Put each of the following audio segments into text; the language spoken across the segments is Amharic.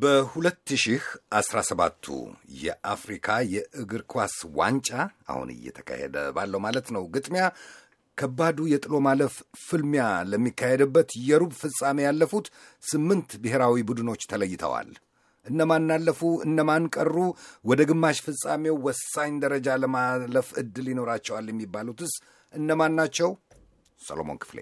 በ 2017 የአፍሪካ የእግር ኳስ ዋንጫ አሁን እየተካሄደ ባለው ማለት ነው ግጥሚያ ከባዱ የጥሎ ማለፍ ፍልሚያ ለሚካሄድበት የሩብ ፍጻሜ ያለፉት ስምንት ብሔራዊ ቡድኖች ተለይተዋል። እነማን አለፉ? እነማን ቀሩ? ወደ ግማሽ ፍጻሜው ወሳኝ ደረጃ ለማለፍ ዕድል ይኖራቸዋል የሚባሉትስ እነማን ናቸው? ሰሎሞን ክፍሌ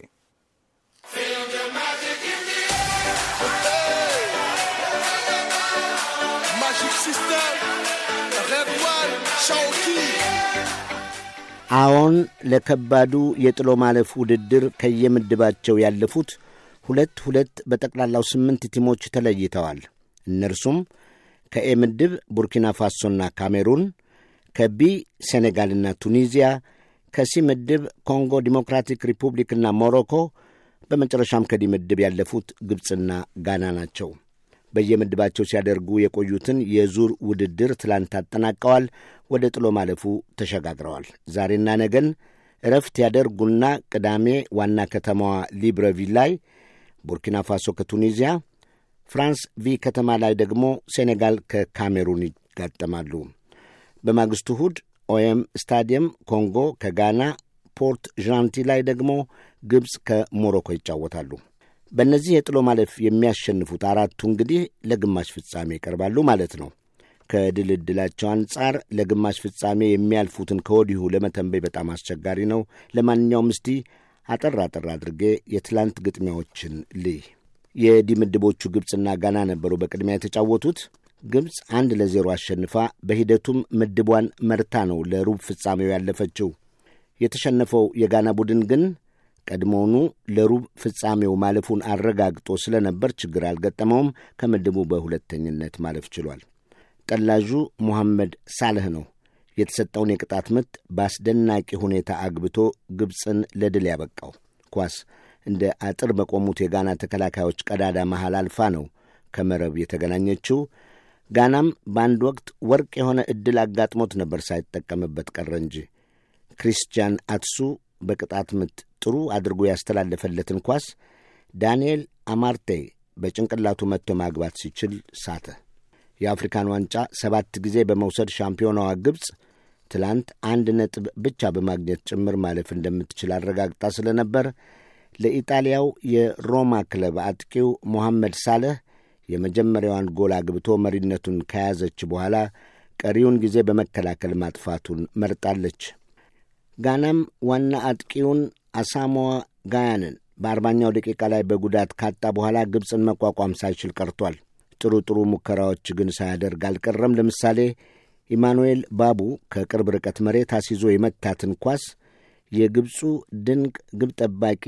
አዎን ለከባዱ የጥሎ ማለፍ ውድድር ከየምድባቸው ያለፉት ሁለት ሁለት በጠቅላላው ስምንት ቲሞች ተለይተዋል። እነርሱም ከኤ ምድብ ቡርኪና ፋሶና ካሜሩን፣ ከቢ ሴኔጋልና ቱኒዚያ ከሲ ምድብ ኮንጎ ዲሞክራቲክ ሪፑብሊክና ሞሮኮ፣ በመጨረሻም ከዲ ምድብ ያለፉት ግብፅና ጋና ናቸው። በየምድባቸው ሲያደርጉ የቆዩትን የዙር ውድድር ትላንት አጠናቀዋል። ወደ ጥሎ ማለፉ ተሸጋግረዋል። ዛሬና ነገን እረፍት ያደርጉና ቅዳሜ ዋና ከተማዋ ሊብረቪል ላይ ቡርኪና ፋሶ ከቱኒዚያ፣ ፍራንስ ቪ ከተማ ላይ ደግሞ ሴኔጋል ከካሜሩን ይጋጠማሉ። በማግስቱ እሁድ ኦኤም ስታዲየም ኮንጎ ከጋና፣ ፖርት ዣንቲ ላይ ደግሞ ግብፅ ከሞሮኮ ይጫወታሉ። በእነዚህ የጥሎ ማለፍ የሚያሸንፉት አራቱ እንግዲህ ለግማሽ ፍጻሜ ይቀርባሉ ማለት ነው። ከድል ዕድላቸው አንጻር ለግማሽ ፍጻሜ የሚያልፉትን ከወዲሁ ለመተንበይ በጣም አስቸጋሪ ነው። ለማንኛውም እስቲ አጠር አጠር አድርጌ የትላንት ግጥሚያዎችን ልይ። የዲምድቦቹ ግብፅና ጋና ነበሩ በቅድሚያ የተጫወቱት። ግብፅ አንድ ለዜሮ አሸንፋ በሂደቱም ምድቧን መርታ ነው ለሩብ ፍጻሜው ያለፈችው። የተሸነፈው የጋና ቡድን ግን ቀድሞውኑ ለሩብ ፍጻሜው ማለፉን አረጋግጦ ስለነበር ችግር አልገጠመውም። ከምድቡ በሁለተኝነት ማለፍ ችሏል። ጠላዡ ሙሐመድ ሳልህ ነው የተሰጠውን የቅጣት ምት በአስደናቂ ሁኔታ አግብቶ ግብፅን ለድል ያበቃው። ኳስ እንደ አጥር በቆሙት የጋና ተከላካዮች ቀዳዳ መሃል አልፋ ነው ከመረብ የተገናኘችው። ጋናም በአንድ ወቅት ወርቅ የሆነ ዕድል አጋጥሞት ነበር ሳይጠቀምበት ቀረ እንጂ ክሪስቲያን አትሱ በቅጣት ምት ጥሩ አድርጎ ያስተላለፈለትን ኳስ ዳንኤል አማርቴ በጭንቅላቱ መጥቶ ማግባት ሲችል ሳተ። የአፍሪካን ዋንጫ ሰባት ጊዜ በመውሰድ ሻምፒዮናዋ ግብፅ ትላንት አንድ ነጥብ ብቻ በማግኘት ጭምር ማለፍ እንደምትችል አረጋግጣ ስለነበር ለኢጣሊያው የሮማ ክለብ አጥቂው ሞሐመድ ሳለህ የመጀመሪያዋን ጎል አግብቶ መሪነቱን ከያዘች በኋላ ቀሪውን ጊዜ በመከላከል ማጥፋቱን መርጣለች። ጋናም ዋና አጥቂውን አሳሞዋ ጋያንን በአርባኛው ደቂቃ ላይ በጉዳት ካጣ በኋላ ግብፅን መቋቋም ሳይችል ቀርቷል። ጥሩ ጥሩ ሙከራዎች ግን ሳያደርግ አልቀረም። ለምሳሌ ኢማኑኤል ባቡ ከቅርብ ርቀት መሬት አስይዞ የመታትን ኳስ የግብፁ ድንቅ ግብ ጠባቂ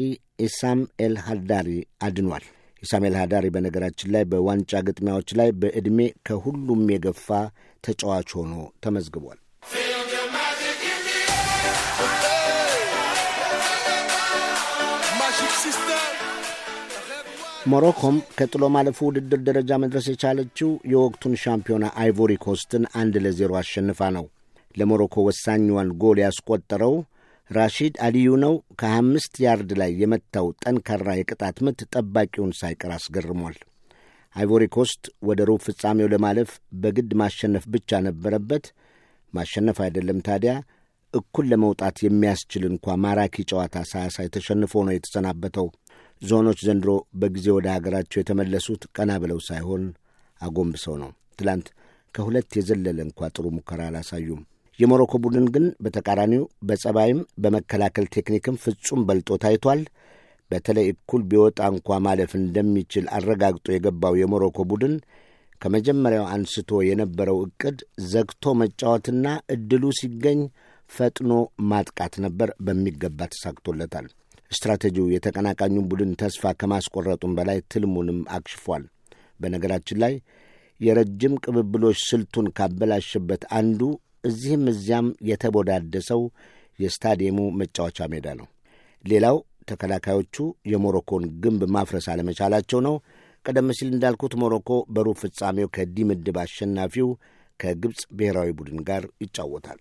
ኢሳም ኤል ሃዳሪ አድኗል። ኢሳሜል ሃዳሪ በነገራችን ላይ በዋንጫ ግጥሚያዎች ላይ በዕድሜ ከሁሉም የገፋ ተጫዋች ሆኖ ተመዝግቧል። ሞሮኮም ከጥሎ ማለፉ ውድድር ደረጃ መድረስ የቻለችው የወቅቱን ሻምፒዮና አይቮሪ ኮስትን አንድ ለዜሮ አሸንፋ ነው። ለሞሮኮ ወሳኛዋን ጎል ያስቆጠረው ራሺድ አሊዩ ነው ከአምስት ያርድ ላይ የመታው ጠንካራ የቅጣት ምት ጠባቂውን ሳይቀር አስገርሟል። አይቮሪ ኮስት ወደ ሩብ ፍጻሜው ለማለፍ በግድ ማሸነፍ ብቻ ነበረበት። ማሸነፍ አይደለም ታዲያ እኩል ለመውጣት የሚያስችል እንኳ ማራኪ ጨዋታ ሳያሳይ ተሸንፎ ነው የተሰናበተው። ዝሆኖች ዘንድሮ በጊዜ ወደ ሀገራቸው የተመለሱት ቀና ብለው ሳይሆን አጎንብሰው ነው። ትላንት ከሁለት የዘለለ እንኳ ጥሩ ሙከራ አላሳዩም። የሞሮኮ ቡድን ግን በተቃራኒው በጸባይም በመከላከል ቴክኒክም ፍጹም በልጦ ታይቷል። በተለይ እኩል ቢወጣ እንኳ ማለፍ እንደሚችል አረጋግጦ የገባው የሞሮኮ ቡድን ከመጀመሪያው አንስቶ የነበረው እቅድ ዘግቶ መጫወትና እድሉ ሲገኝ ፈጥኖ ማጥቃት ነበር። በሚገባ ተሳክቶለታል። ስትራቴጂው የተቀናቃኙን ቡድን ተስፋ ከማስቆረጡም በላይ ትልሙንም አክሽፏል። በነገራችን ላይ የረጅም ቅብብሎች ስልቱን ካበላሸበት አንዱ እዚህም እዚያም የተቦዳደሰው የስታዲየሙ መጫወቻ ሜዳ ነው። ሌላው ተከላካዮቹ የሞሮኮን ግንብ ማፍረስ አለመቻላቸው ነው። ቀደም ሲል እንዳልኩት ሞሮኮ በሩብ ፍጻሜው ከዲ ምድብ አሸናፊው ከግብፅ ብሔራዊ ቡድን ጋር ይጫወታል።